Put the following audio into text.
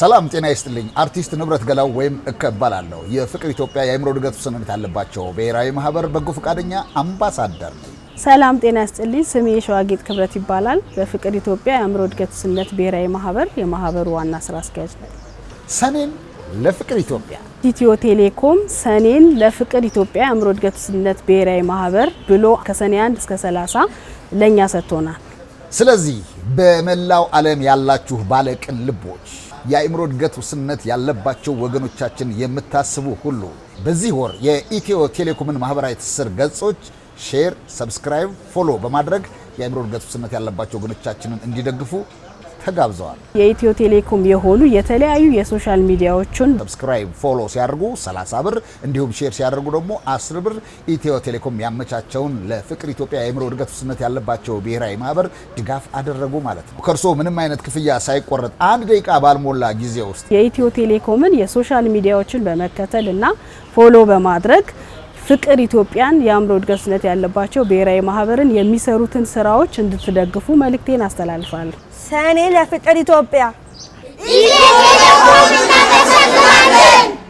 ሰላም ጤና ይስጥልኝ። አርቲስት ንብረት ገላው ወይም እከባላለሁ የፍቅር ኢትዮጵያ የአእምሮ እድገት ውስንነት ያለባቸው ብሔራዊ ማህበር በጎ ፈቃደኛ አምባሳደር ነኝ። ሰላም ጤና ይስጥልኝ። ስሜ ሸዋጌጥ ክብረት ይባላል። በፍቅር ኢትዮጵያ የአእምሮ እድገት ውስንነት ብሔራዊ ማህበር የማህበሩ ዋና ስራ አስኪያጅ ነኝ። ሰኔን ለፍቅር ኢትዮጵያ ኢትዮ ቴሌኮም ሰኔን ለፍቅር ኢትዮጵያ የአእምሮ እድገት ውስንነት ብሔራዊ ማህበር ብሎ ከሰኔ 1 እስከ 30 ለእኛ ሰጥቶናል። ስለዚህ በመላው ዓለም ያላችሁ ባለቅን ልቦች የአእምሮ እድገት ውስንነት ያለባቸው ወገኖቻችን የምታስቡ ሁሉ በዚህ ወር የኢትዮ ቴሌኮምን ማህበራዊ ትስስር ገጾች ሼር፣ ሰብስክራይብ፣ ፎሎ በማድረግ የአእምሮ እድገት ውስንነት ያለባቸው ወገኖቻችንን እንዲደግፉ ተጋብዘዋል። የኢትዮ ቴሌኮም የሆኑ የተለያዩ የሶሻል ሚዲያዎችን ሰብስክራይብ፣ ፎሎ ሲያደርጉ 30 ብር እንዲሁም ሼር ሲያደርጉ ደግሞ 10 ብር ኢትዮ ቴሌኮም ያመቻቸውን ለፍቅር ኢትዮጵያ የአእምሮ እድገት ውስንነት ያለባቸው ብሔራዊ ማህበር ድጋፍ አደረጉ ማለት ነው። ከእርስዎ ምንም አይነት ክፍያ ሳይቆረጥ አንድ ደቂቃ ባልሞላ ጊዜ ውስጥ የኢትዮ ቴሌኮምን የሶሻል ሚዲያዎችን በመከተል እና ፎሎ በማድረግ ፍቅር ኢትዮጵያን የአእምሮ እድገት ያለባቸው ብሔራዊ ማህበርን የሚሰሩትን ስራዎች እንድትደግፉ መልእክቴን አስተላልፋለሁ። ሰኔ ለፍቅር ኢትዮጵያ